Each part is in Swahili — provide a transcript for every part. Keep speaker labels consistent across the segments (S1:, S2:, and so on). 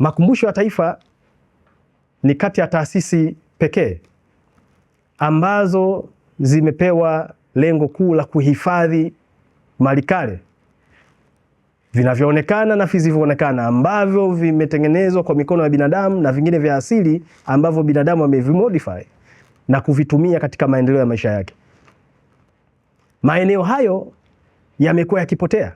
S1: Makumbusho ya Taifa ni kati ya taasisi pekee ambazo zimepewa lengo kuu la kuhifadhi kale vinavyoonekana na visivyoonekana ambavyo vimetengenezwa kwa mikono ya binadamu na vingine vya asili ambavyo binadamu amevimodify na kuvitumia katika maendeleo ya maisha yake. Maeneo hayo yamekuwa yakipotea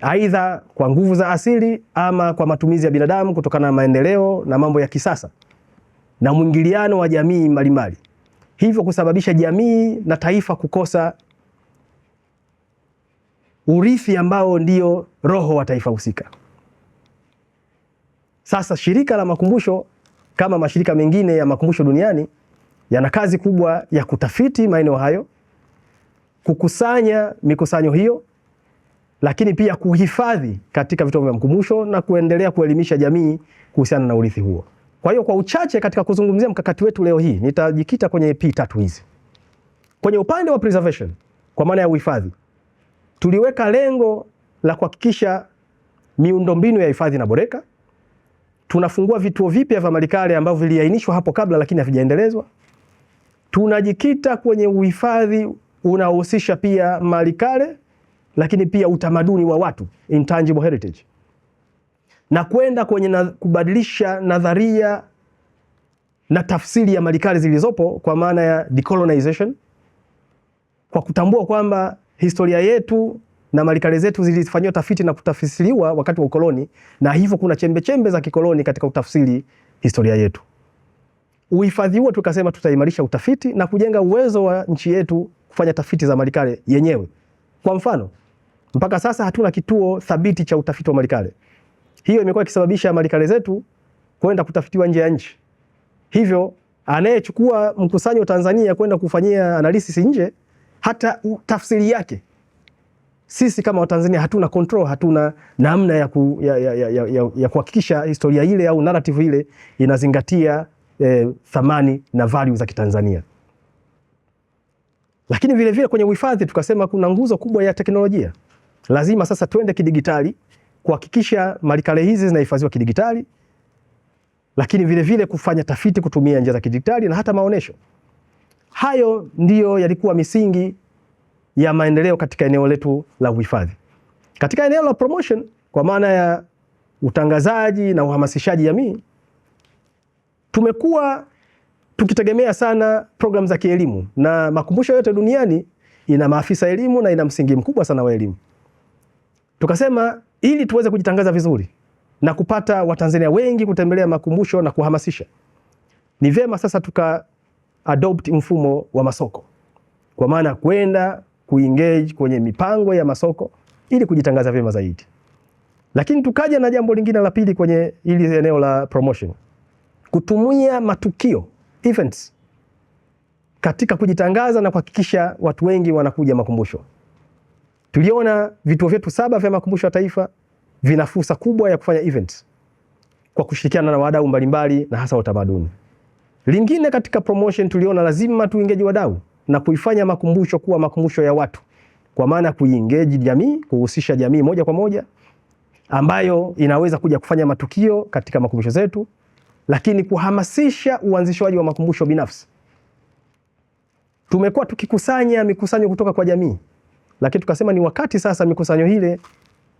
S1: aidha kwa nguvu za asili ama kwa matumizi ya binadamu kutokana na maendeleo na mambo ya kisasa na mwingiliano wa jamii mbalimbali, hivyo kusababisha jamii na taifa kukosa urithi ambao ndio roho wa taifa husika. Sasa shirika la makumbusho kama mashirika mengine ya makumbusho duniani yana kazi kubwa ya kutafiti maeneo hayo, kukusanya mikusanyo hiyo lakini pia kuhifadhi katika vituo vya mkumbusho na kuendelea kuelimisha jamii kuhusiana na urithi huo. Kwa hiyo kwa uchache katika kuzungumzia mkakati wetu leo hii nitajikita kwenye P tatu hizi. Kwenye upande wa preservation, kwa maana ya uhifadhi, tuliweka lengo la kuhakikisha miundombinu ya hifadhi inaboreka. Tunafungua vituo vipya vya malikale ambavyo viliainishwa hapo kabla lakini havijaendelezwa. Tunajikita kwenye uhifadhi unaohusisha pia malikale lakini pia utamaduni wa watu, intangible heritage, na kwenda kwenye na, kubadilisha nadharia na tafsiri ya malikali zilizopo kwa maana ya decolonization, kwa kutambua kwamba historia yetu na malikali zetu zilifanyiwa tafiti na kutafsiriwa wakati wa ukoloni, na hivyo kuna chembe chembe za kikoloni katika utafsiri historia yetu. Uhifadhi huo tukasema tutaimarisha utafiti na kujenga uwezo wa nchi yetu kufanya tafiti za malikale yenyewe. Kwa mfano mpaka sasa hatuna kituo thabiti cha utafiti wa malikale. Hiyo imekuwa ikisababisha malikale zetu kwenda kutafitiwa nje ya nchi. Hivyo anayechukua mkusanyo Tanzania kwenda kufanyia analysis nje, hata tafsiri yake sisi kama Watanzania hatuna control, hatuna namna ya, ku, ya, ya, ya, ya, ya ya kuhakikisha historia ile au narrative ile inazingatia eh, thamani na value za Kitanzania. Lakini vile vile kwenye uhifadhi tukasema kuna nguzo kubwa ya teknolojia lazima sasa twende kidigitali kuhakikisha malikale hizi zinahifadhiwa kidigitali, lakini vile vile kufanya tafiti kutumia njia za kidigitali na hata maonesho. Hayo ndiyo yalikuwa misingi ya maendeleo katika eneo letu la uhifadhi. Katika eneo la promotion, kwa maana ya utangazaji na uhamasishaji jamii, tumekuwa tukitegemea sana program za kielimu, na makumbusho yote duniani ina maafisa elimu na ina msingi mkubwa sana wa elimu. Tukasema ili tuweze kujitangaza vizuri na kupata Watanzania wengi kutembelea makumbusho na kuhamasisha, ni vyema sasa tuka adopt mfumo wa masoko, kwa maana kwenda kuengage kwenye mipango ya masoko ili kujitangaza vyema zaidi. Lakini tukaja na jambo lingine la pili kwenye ili eneo la promotion, kutumia matukio events katika kujitangaza na kuhakikisha watu wengi wanakuja makumbusho. Tuliona vituo vyetu saba vya makumbusho ya taifa vina fursa kubwa ya kufanya event kwa kushirikiana na wadau mbalimbali na hasa utamaduni. Lingine katika promotion tuliona lazima tuingeje wadau na kuifanya makumbusho kuwa makumbusho ya watu, kwa maana kuiengage jamii, kuhusisha jamii moja kwa moja ambayo inaweza kuja kufanya matukio katika makumbusho zetu, lakini kuhamasisha uanzishwaji wa makumbusho binafsi. Tumekuwa tukikusanya mikusanyo kutoka kwa jamii lakini tukasema ni wakati sasa mikusanyo hile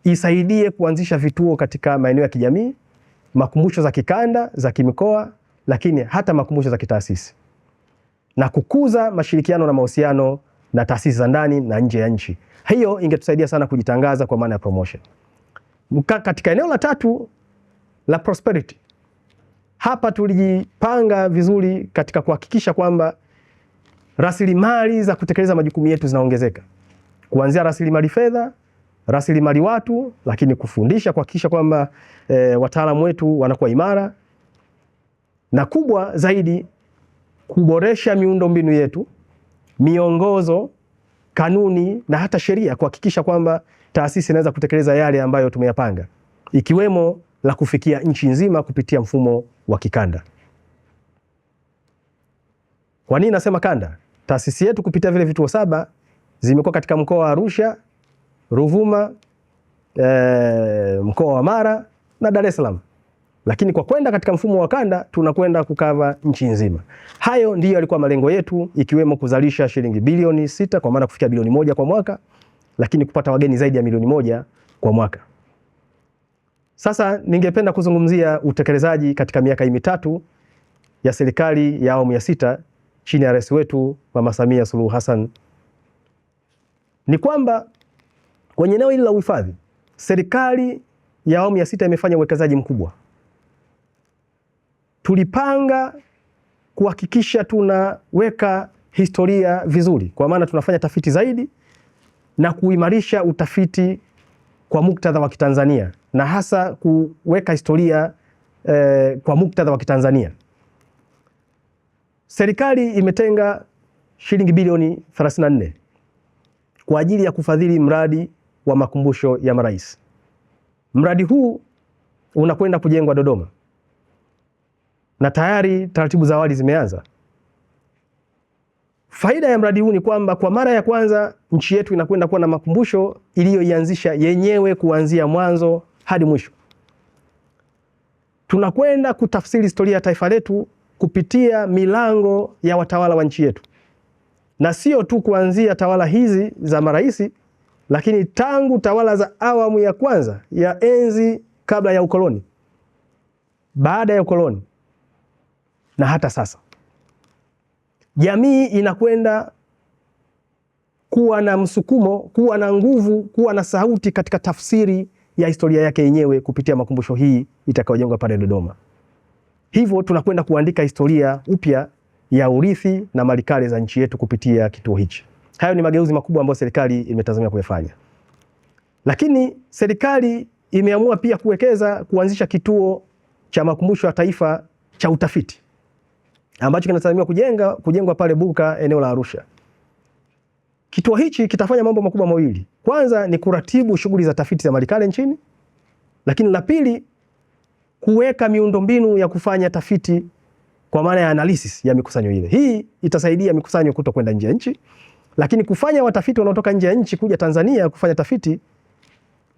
S1: isaidie kuanzisha vituo katika maeneo ya kijamii, makumbusho za kikanda, za kimikoa, lakini hata makumbusho za kitaasisi na kukuza mashirikiano na mahusiano na taasisi za ndani na nje ya nchi. Hiyo ingetusaidia sana kujitangaza kwa maana ya promotion. Muka Katika eneo la tatu la prosperity, hapa tulijipanga vizuri katika kuhakikisha kwamba rasilimali za kutekeleza majukumu yetu zinaongezeka kuanzia rasilimali fedha, rasilimali watu, lakini kufundisha, kuhakikisha kwamba e, wataalamu wetu wanakuwa imara, na kubwa zaidi kuboresha miundombinu yetu, miongozo, kanuni na hata sheria, kuhakikisha kwamba taasisi inaweza kutekeleza yale ambayo tumeyapanga, ikiwemo la kufikia nchi nzima kupitia mfumo wa kikanda. Kwa nini nasema kanda? Taasisi yetu kupitia vile vituo saba zimekuwa katika mkoa wa Arusha, Ruvuma, e, mkoa wa Mara na Dar es Salaam, lakini kwa kwenda katika mfumo wa kanda tunakwenda kukava nchi nzima. Hayo ndiyo yalikuwa malengo yetu, ikiwemo kuzalisha shilingi bilioni sita kwa maana kufikia bilioni moja kwa mwaka, lakini kupata wageni zaidi ya milioni moja kwa mwaka. Sasa ningependa kuzungumzia utekelezaji katika miaka hii mitatu ya serikali ya awamu ya sita chini ya rais wetu Mama Samia Suluhu Hassan ni kwamba kwenye eneo hili la uhifadhi, serikali ya awamu ya sita imefanya uwekezaji mkubwa. Tulipanga kuhakikisha tunaweka historia vizuri, kwa maana tunafanya tafiti zaidi na kuimarisha utafiti kwa muktadha wa Kitanzania na hasa kuweka historia eh, kwa muktadha wa Kitanzania. Serikali imetenga shilingi bilioni 34 kwa ajili ya kufadhili mradi wa makumbusho ya marais. Mradi huu unakwenda kujengwa Dodoma na tayari taratibu za awali zimeanza. Faida ya mradi huu ni kwamba kwa mara ya kwanza nchi yetu inakwenda kuwa na makumbusho iliyoianzisha yenyewe kuanzia mwanzo hadi mwisho. Tunakwenda kutafsiri historia ya taifa letu kupitia milango ya watawala wa nchi yetu na sio tu kuanzia tawala hizi za maraisi, lakini tangu tawala za awamu ya kwanza ya enzi kabla ya ukoloni, baada ya ukoloni na hata sasa, jamii inakwenda kuwa na msukumo, kuwa na nguvu, kuwa na sauti katika tafsiri ya historia yake yenyewe kupitia makumbusho hii itakayojengwa pale Dodoma. Hivyo tunakwenda kuandika historia upya ya urithi na malikale za nchi yetu kupitia kituo hichi. Hayo ni mageuzi makubwa ambayo serikali imetazamia kuyafanya, lakini serikali imeamua pia kuwekeza kuanzisha kituo cha makumbusho ya taifa cha utafiti ambacho kinatazamiwa kujenga kujengwa pale Buka, eneo la Arusha. Kituo hichi kitafanya mambo makubwa mawili. Kwanza ni kuratibu shughuli za tafiti za malikale nchini, lakini la pili kuweka miundombinu ya kufanya tafiti kwa maana ya analysis ya mikusanyo ile. Hii itasaidia mikusanyo kuto kwenda nje ya nchi, lakini kufanya watafiti wanaotoka nje ya nchi kuja Tanzania kufanya tafiti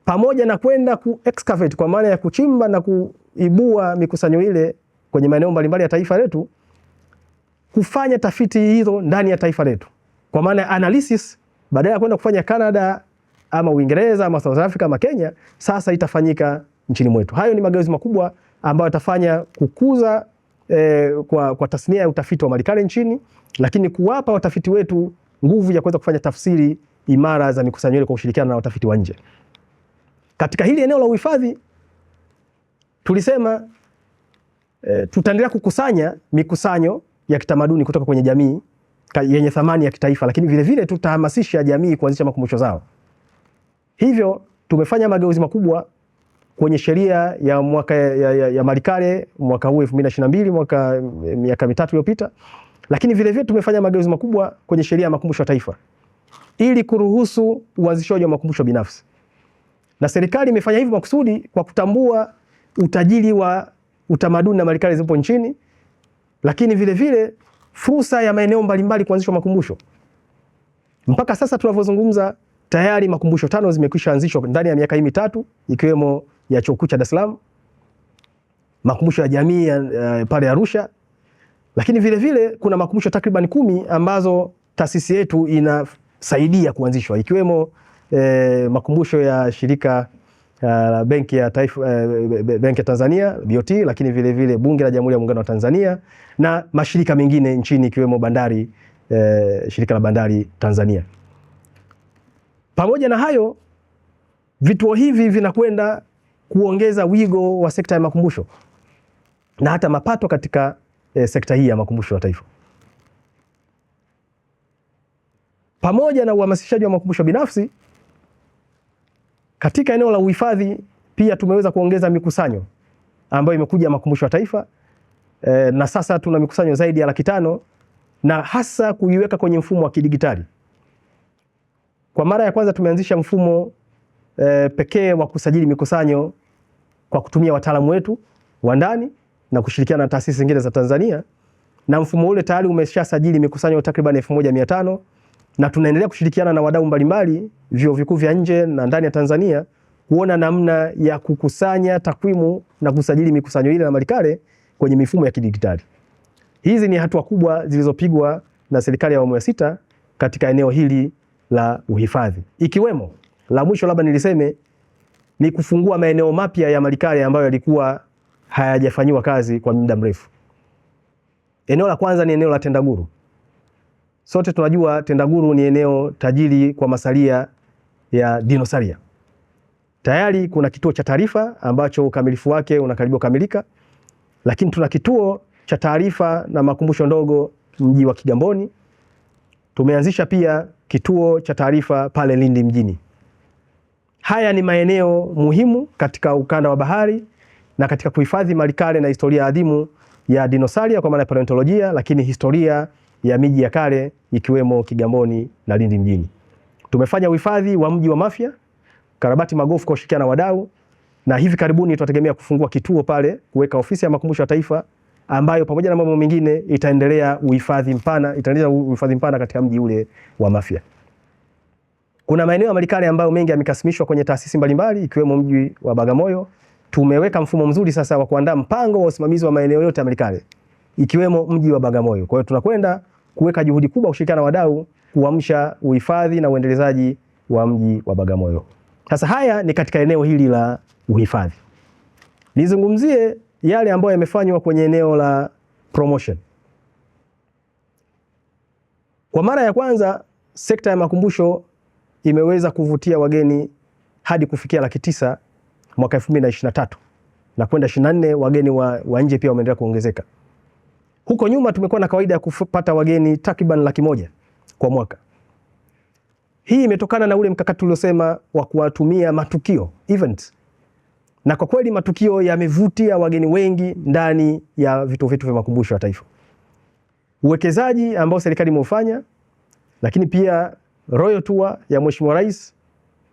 S1: pamoja na kwenda ku excavate kwa maana ya kuchimba na kuibua mikusanyo ile kwenye maeneo mbalimbali ya taifa letu, kufanya tafiti hizo ndani ya taifa letu, kwa maana ya analysis, badala ya kwenda kufanya Canada ama Uingereza ama South Africa ama Kenya, sasa itafanyika nchini mwetu. Hayo ni mageuzi makubwa ambayo yatafanya kukuza eh, kwa, kwa tasnia ya utafiti wa malikale nchini, lakini kuwapa watafiti wetu nguvu ya kuweza kufanya tafsiri imara za mikusanyo ile kwa ushirikiano na watafiti wa nje. Katika hili eneo la uhifadhi tulisema E, tutaendelea kukusanya mikusanyo ya kitamaduni kutoka kwenye jamii yenye thamani ya kitaifa, lakini vile vile tutahamasisha jamii kuanzisha makumbusho zao. Hivyo tumefanya mageuzi makubwa kwenye sheria ya mwaka ya, ya, ya Malikale mwaka huu 2022 mwaka eh, miaka mitatu iliyopita, lakini vile vile tumefanya mageuzi makubwa kwenye sheria ya makumbusho ya taifa ili kuruhusu uanzishaji wa makumbusho binafsi, na serikali imefanya hivyo makusudi kwa kutambua utajiri wa utamaduni na Malikale zipo nchini, lakini vile vile fursa ya maeneo mbalimbali kuanzishwa makumbusho. Mpaka sasa tunavyozungumza, tayari makumbusho tano zimekwisha anzishwa ndani ya miaka hii mitatu ikiwemo ya chuo kikuu cha Dar es Salaam, makumbusho ya jamii ya, eh, pale Arusha, lakini vile vile kuna makumbusho takriban kumi ambazo taasisi yetu inasaidia kuanzishwa ikiwemo eh, makumbusho ya shirika Uh, benki ya taifa uh, benki ya Tanzania BOT, lakini vile vile bunge la Jamhuri ya Muungano wa Tanzania na mashirika mengine nchini ikiwemo bandari eh, shirika la bandari Tanzania. Pamoja na hayo, vituo hivi vinakwenda kuongeza wigo wa sekta ya makumbusho na hata mapato katika e, sekta hii ya makumbusho ya taifa. Pamoja na uhamasishaji wa makumbusho binafsi katika eneo la uhifadhi, pia tumeweza kuongeza mikusanyo ambayo imekuja makumbusho ya taifa e, na sasa tuna mikusanyo zaidi ya laki tano na hasa kuiweka kwenye mfumo wa kidigitali. Kwa mara ya kwanza tumeanzisha mfumo e, pekee wa kusajili mikusanyo kwa kutumia wataalamu wetu wa ndani na kushirikiana na taasisi zingine za Tanzania, na mfumo ule tayari umeshasajili mikusanyo takriban 1500 na tunaendelea kushirikiana na wadau mbalimbali, vyuo vikuu vya nje na ndani ya Tanzania kuona namna ya kukusanya takwimu na kusajili mikusanyo ile na malikale kwenye mifumo ya kidijitali. Hizi ni hatua kubwa zilizopigwa na serikali ya awamu ya sita katika eneo hili la uhifadhi, ikiwemo la mwisho labda niliseme ni kufungua maeneo mapya ya Malikale ambayo yalikuwa hayajafanyiwa kazi kwa muda mrefu. Eneo la kwanza ni eneo la Tendaguru. Sote tunajua Tendaguru ni eneo tajiri kwa masalia ya dinosaria. Tayari kuna kituo cha taarifa ambacho ukamilifu wake unakaribia kukamilika, lakini tuna kituo cha taarifa na makumbusho ndogo mji wa Kigamboni. Tumeanzisha pia kituo cha taarifa pale Lindi mjini. Haya ni maeneo muhimu katika ukanda wa bahari na katika kuhifadhi malikale na historia adhimu ya dinosaria kwa maana ya paleontolojia, lakini historia ya miji ya kale ikiwemo Kigamboni na Lindi mjini. Tumefanya uhifadhi wa mji wa Mafia, karabati magofu kwa ushirikiano na wadau, na hivi karibuni tunategemea kufungua kituo pale, kuweka ofisi ya makumbusho ya taifa ambayo pamoja na mambo mengine itaendelea uhifadhi mpana, itaendelea uhifadhi mpana katika mji ule wa Mafia. Kuna maeneo ya Marekani ambayo mengi yamekasimishwa kwenye taasisi mbalimbali ikiwemo mji wa Bagamoyo. Tumeweka mfumo mzuri sasa wa kuandaa mpango wa usimamizi wa maeneo yote ya Marekani ikiwemo mji wa Bagamoyo. Kwa hiyo tunakwenda kuweka juhudi kubwa kushirikiana na wadau kuamsha uhifadhi na uendelezaji wa mji wa Bagamoyo. Sasa haya ni katika eneo hili la uhifadhi. Nizungumzie yale ambayo yamefanywa kwenye eneo la promotion. Kwa mara ya kwanza sekta ya makumbusho imeweza kuvutia wageni hadi kufikia laki tisa mwaka elfu mbili na na na tatu kwenda na nne wageni wa, wa nje pia wameendelea kuongezeka. Huko nyuma tumekuwa na kawaida ya kupata wageni takriban laki moja kwa mwaka. Hii imetokana na ule mkakati tuliosema wa kuwatumia matukio event, na kwa kweli matukio yamevutia wageni wengi ndani ya vituo vyetu vya makumbusho ya taifa. Uwekezaji ambao serikali imeufanya, lakini pia Royal Tour ya Mheshimiwa Rais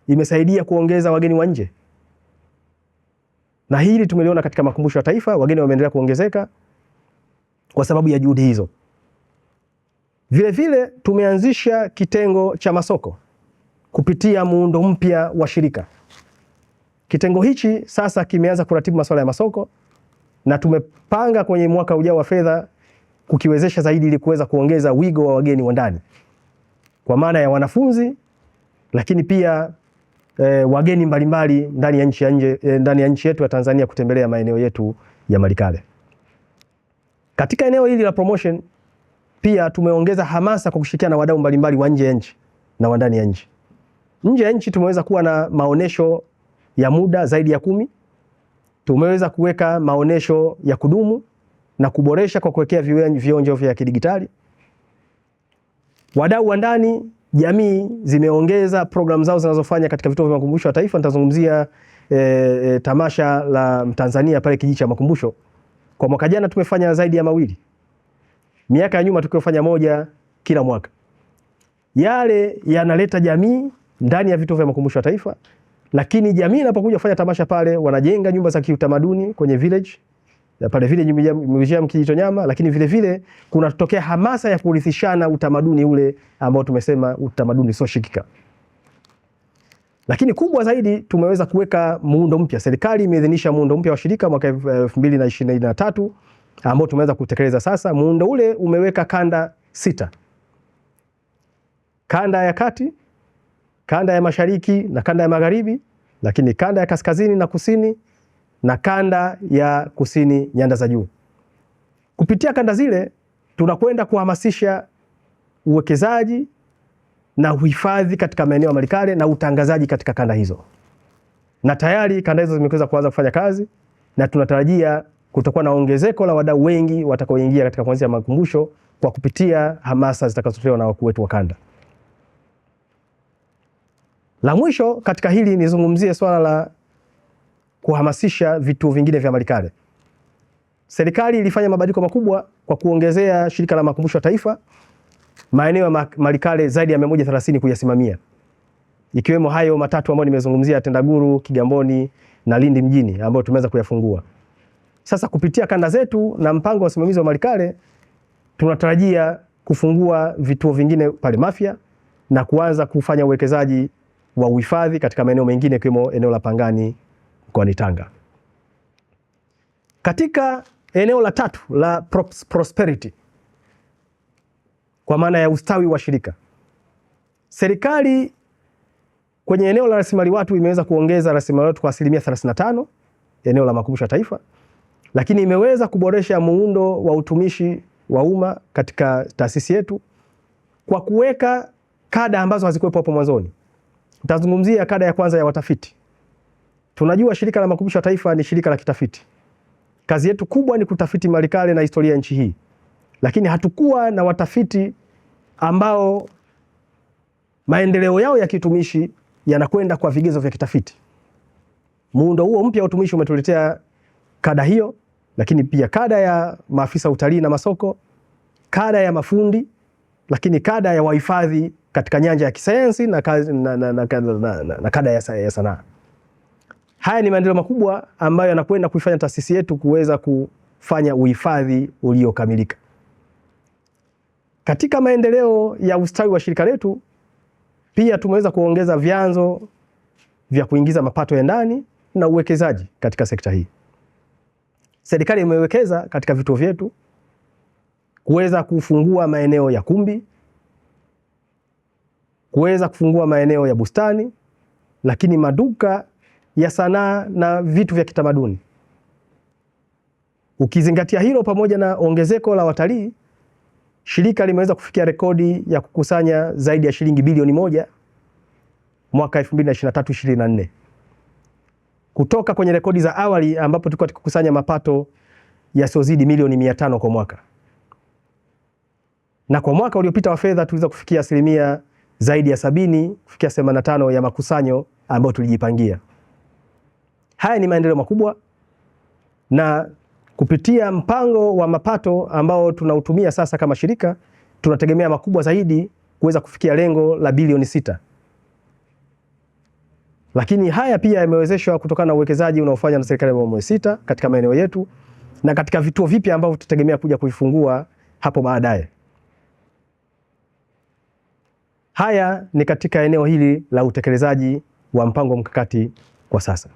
S1: imesaidia kuongeza wageni wa nje, na hili tumeliona katika makumbusho ya taifa, wageni wameendelea kuongezeka kwa sababu ya juhudi hizo. Vile vile, tumeanzisha kitengo cha masoko kupitia muundo mpya wa shirika. Kitengo hichi sasa kimeanza kuratibu masuala ya masoko na tumepanga kwenye mwaka ujao wa fedha kukiwezesha zaidi ili kuweza kuongeza wigo wa wageni wa ndani kwa maana ya wanafunzi, lakini pia e, wageni mbalimbali ndani ya nchi ya nje, e, ndani ya nchi yetu ya Tanzania kutembelea maeneo yetu ya Malikale. Katika eneo hili la promotion pia tumeongeza hamasa kwa kushirikiana na wadau mbalimbali wa nje ya nchi na wa ndani ya nchi. Nje ya nchi tumeweza kuwa na maonesho ya muda zaidi ya kumi. Tumeweza kuweka maonesho ya kudumu na kuboresha kwa kuwekea vionjo vya kidigitali. Wadau wa ndani, jamii zimeongeza programu zao zinazofanya katika vituo vya makumbusho ya taifa. Nitazungumzia e, e, tamasha la Mtanzania pale kijiji cha makumbusho. Kwa mwaka jana tumefanya zaidi ya mawili, miaka ya nyuma tukiofanya moja kila mwaka. Yale yanaleta jamii ndani ya vituo vya makumbusho ya taifa, lakini jamii inapokuja kufanya tamasha pale, wanajenga nyumba za kiutamaduni kwenye village pale vile mvijia mkijito nyama, lakini vile vile kunatokea hamasa ya kurithishana utamaduni ule ambao tumesema utamaduni sio shikika. Lakini kubwa zaidi tumeweza kuweka muundo mpya. Serikali imeidhinisha muundo mpya wa shirika mwaka 2023 ambao tumeweza kutekeleza sasa. Muundo ule umeweka kanda sita: kanda ya kati, kanda ya mashariki na kanda ya magharibi, lakini kanda ya kaskazini na kusini na kanda ya kusini nyanda za juu. Kupitia kanda zile tunakwenda kuhamasisha uwekezaji na uhifadhi katika maeneo ya malikale na utangazaji katika kanda hizo, na tayari kanda hizo zimeweza kuanza kufanya kazi na tunatarajia kutakuwa na ongezeko la wadau wengi watakaoingia katika kuanzia makumbusho kwa kupitia hamasa zitakazotolewa na wakuu wetu wa kanda. La mwisho katika hili nizungumzie swala la kuhamasisha vituo vingine vya Malikale. Serikali ilifanya mabadiliko makubwa kwa kuongezea shirika la makumbusho ya taifa maeneo ya Malikale zaidi ya 130 kuyasimamia, ikiwemo hayo matatu ambayo nimezungumzia, Tendaguru, Kigamboni na Lindi mjini ambayo tumeweza kuyafungua. Sasa kupitia kanda zetu na mpango wa usimamizi wa Malikale tunatarajia kufungua vituo vingine pale Mafia na kuanza kufanya uwekezaji wa uhifadhi katika maeneo mengine ikiwemo eneo la Pangani mkoani Tanga. Katika eneo la tatu la prosperity, kwa maana ya ustawi wa shirika, serikali kwenye eneo la rasilimali watu imeweza kuongeza rasilimali watu kwa asilimia 35 eneo la makumbusho ya taifa, lakini imeweza kuboresha muundo wa utumishi wa umma katika taasisi yetu kwa kuweka kada ambazo hazikuwepo hapo mwanzoni. Nitazungumzia kada ya kwanza ya watafiti Tunajua shirika la makumbusho ya taifa ni shirika la kitafiti. Kazi yetu kubwa ni kutafiti malikale na historia ya nchi hii, lakini hatukuwa na watafiti ambao maendeleo yao ya kitumishi yanakwenda kwa vigezo vya kitafiti. Muundo huo mpya wa utumishi umetuletea kada hiyo, lakini pia kada ya maafisa utalii na masoko, kada ya mafundi, lakini kada ya wahifadhi katika nyanja ya kisayansi na, na, na, na, na, na, na kada ya, ya sanaa. Haya ni maendeleo makubwa ambayo yanakwenda kuifanya taasisi yetu kuweza kufanya uhifadhi uliokamilika. Katika maendeleo ya ustawi wa shirika letu pia tumeweza kuongeza vyanzo vya kuingiza mapato ya ndani na uwekezaji katika sekta hii. Serikali imewekeza katika vituo vyetu kuweza kufungua maeneo ya kumbi, kuweza kufungua maeneo ya bustani, lakini maduka ya sanaa na vitu vya kitamaduni. Ukizingatia hilo pamoja na ongezeko la watalii, shirika limeweza kufikia rekodi ya kukusanya zaidi ya shilingi bilioni moja mwaka 2023/24 kutoka kwenye rekodi za awali ambapo tulikuwa tukikusanya mapato yasiyozidi milioni 500 kwa mwaka, na kwa mwaka uliopita wa fedha tuliweza kufikia asilimia zaidi ya sabini kufikia 85 ya makusanyo ambayo tulijipangia. Haya ni maendeleo makubwa, na kupitia mpango wa mapato ambao tunautumia sasa kama shirika, tunategemea makubwa zaidi kuweza kufikia lengo la bilioni sita. Lakini haya pia yamewezeshwa kutokana na uwekezaji unaofanywa na serikali ya awamu ya sita katika maeneo yetu na katika vituo vipya ambavyo tutategemea kuja kuifungua hapo baadaye. Haya ni katika eneo hili la utekelezaji wa mpango mkakati kwa sasa.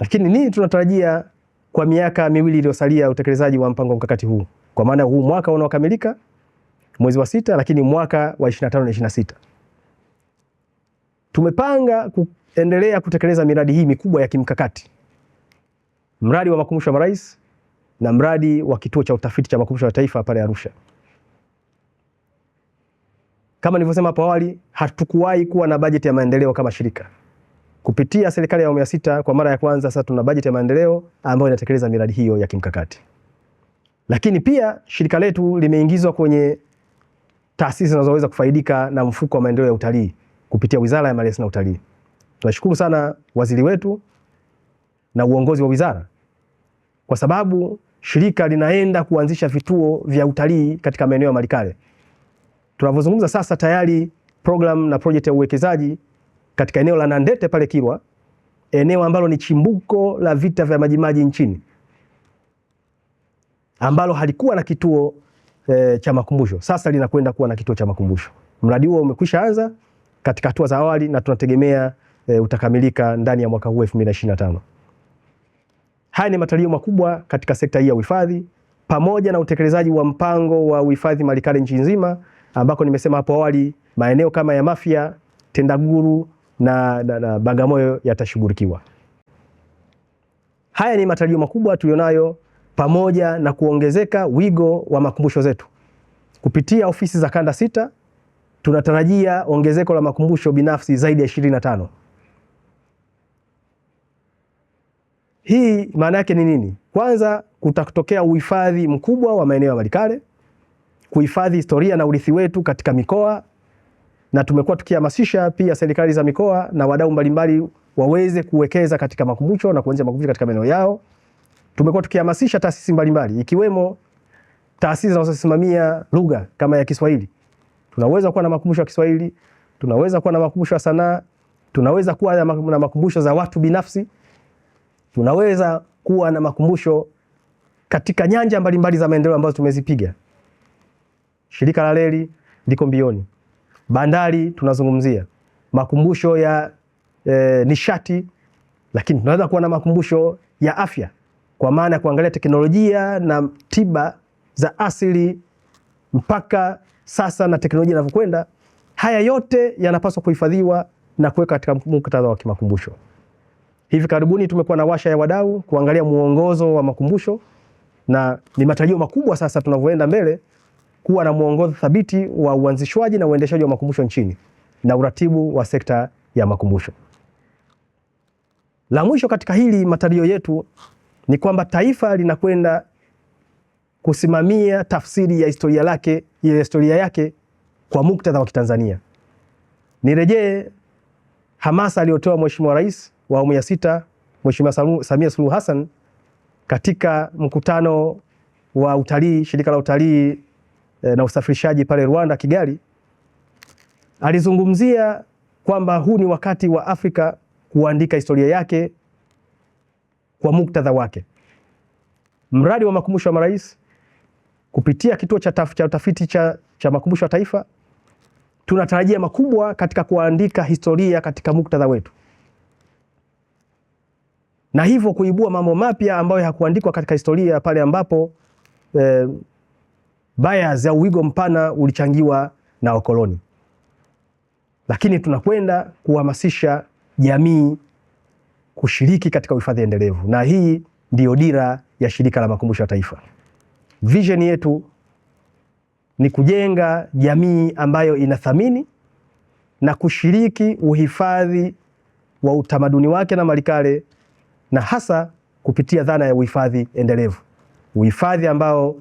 S1: Lakini nini tunatarajia kwa miaka miwili iliyosalia utekelezaji wa mpango mkakati huu, kwa maana huu mwaka unaokamilika mwezi wa sita, lakini mwaka wa 25 na 26 tumepanga kuendelea kutekeleza miradi hii mikubwa ya kimkakati, mradi wa makumbusho ya marais na mradi wa kituo cha utafiti cha makumbusho ya taifa pale Arusha. Kama nilivyosema hapo awali, hatukuwahi kuwa na bajeti ya maendeleo kama shirika. Kupitia serikali ya awamu ya sita kwa mara ya kwanza sasa tuna bajeti ya maendeleo ambayo inatekeleza miradi hiyo ya kimkakati. Lakini pia shirika letu limeingizwa kwenye taasisi zinazoweza kufaidika na mfuko wa maendeleo ya utalii kupitia Wizara ya Maliasili na Utalii. Tunashukuru sana waziri wetu na uongozi wa wizara kwa sababu shirika linaenda kuanzisha vituo vya utalii katika maeneo ya Malikale. Tunavyozungumza sasa, tayari program na project ya uwekezaji katika eneo la Nandete pale Kilwa, eneo ambalo ni chimbuko la vita vya Majimaji nchini ambalo halikuwa na kituo e, cha makumbusho, sasa linakwenda kuwa na kituo cha makumbusho. Mradi huo umekwisha anza katika hatua za awali na tunategemea e, utakamilika ndani ya mwaka huu 2025. Haya ni matarajio makubwa katika sekta hii ya uhifadhi pamoja na utekelezaji wa mpango wa uhifadhi malikale nchi nzima ambako nimesema hapo awali, maeneo kama ya Mafia, Tendaguru, na, na, na Bagamoyo yatashughulikiwa. Haya ni matarajio makubwa tulionayo, pamoja na kuongezeka wigo wa makumbusho zetu kupitia ofisi za kanda sita. Tunatarajia ongezeko la makumbusho binafsi zaidi ya 25. Hii maana yake ni nini? Kwanza, kutatokea uhifadhi mkubwa wa maeneo ya Walikale, kuhifadhi historia na urithi wetu katika mikoa na tumekuwa tukihamasisha pia serikali za mikoa na wadau mbalimbali waweze kuwekeza katika makumbusho na kuanzisha makumbusho katika maeneo yao. Tumekuwa tukihamasisha taasisi mbalimbali ikiwemo taasisi zinazosimamia lugha kama ya Kiswahili. Tunaweza kuwa na makumbusho ya Kiswahili, tunaweza kuwa na makumbusho ya sanaa, tunaweza kuwa na makumbusho za watu binafsi, tunaweza kuwa na makumbusho katika nyanja mbalimbali za maendeleo ambazo tumezipiga. Shirika la reli liko mbioni bandari tunazungumzia makumbusho ya e, nishati, lakini tunaweza kuwa na makumbusho ya afya kwa maana ya kuangalia teknolojia na tiba za asili mpaka sasa na teknolojia inavyokwenda. Haya yote yanapaswa kuhifadhiwa na kuweka katika muktadha wa kimakumbusho. Hivi karibuni tumekuwa na washa ya wadau kuangalia muongozo wa makumbusho, na ni matarajio makubwa sasa tunavyoenda mbele kuwa na mwongozo thabiti wa uanzishwaji na uendeshaji wa makumbusho nchini na uratibu wa sekta ya makumbusho. La mwisho katika hili, matarajio yetu ni kwamba taifa linakwenda kusimamia tafsiri ya historia lake, ya historia yake kwa muktadha wa Kitanzania. Nirejee hamasa aliyotoa Mheshimiwa Rais wa awamu ya sita Mheshimiwa Samia Suluhu Hassan katika mkutano wa utalii, shirika la utalii Eh, na usafirishaji pale Rwanda Kigali, alizungumzia kwamba huu ni wakati wa Afrika kuandika historia yake kwa muktadha wake. Mradi wa makumbusho ya marais kupitia kituo cha taf, cha utafiti cha, cha makumbusho ya taifa tunatarajia makubwa katika kuandika historia katika muktadha wetu, na hivyo kuibua mambo mapya ambayo hakuandikwa katika historia pale ambapo eh, bias za wigo mpana ulichangiwa na wakoloni, lakini tunakwenda kuhamasisha jamii kushiriki katika uhifadhi endelevu, na hii ndiyo dira ya Shirika la Makumbusho ya Taifa. Vision yetu ni kujenga jamii ambayo inathamini na kushiriki uhifadhi wa utamaduni wake na malikale, na hasa kupitia dhana ya uhifadhi endelevu, uhifadhi ambao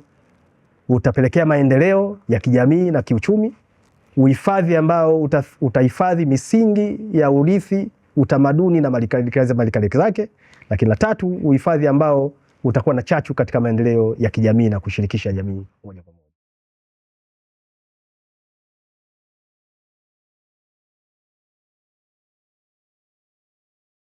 S1: utapelekea maendeleo ya kijamii na kiuchumi, uhifadhi ambao uta, utahifadhi misingi ya urithi, utamaduni na malikali zake, lakini la tatu, uhifadhi ambao utakuwa na chachu katika maendeleo ya kijamii na kushirikisha jamii moja kwa moja.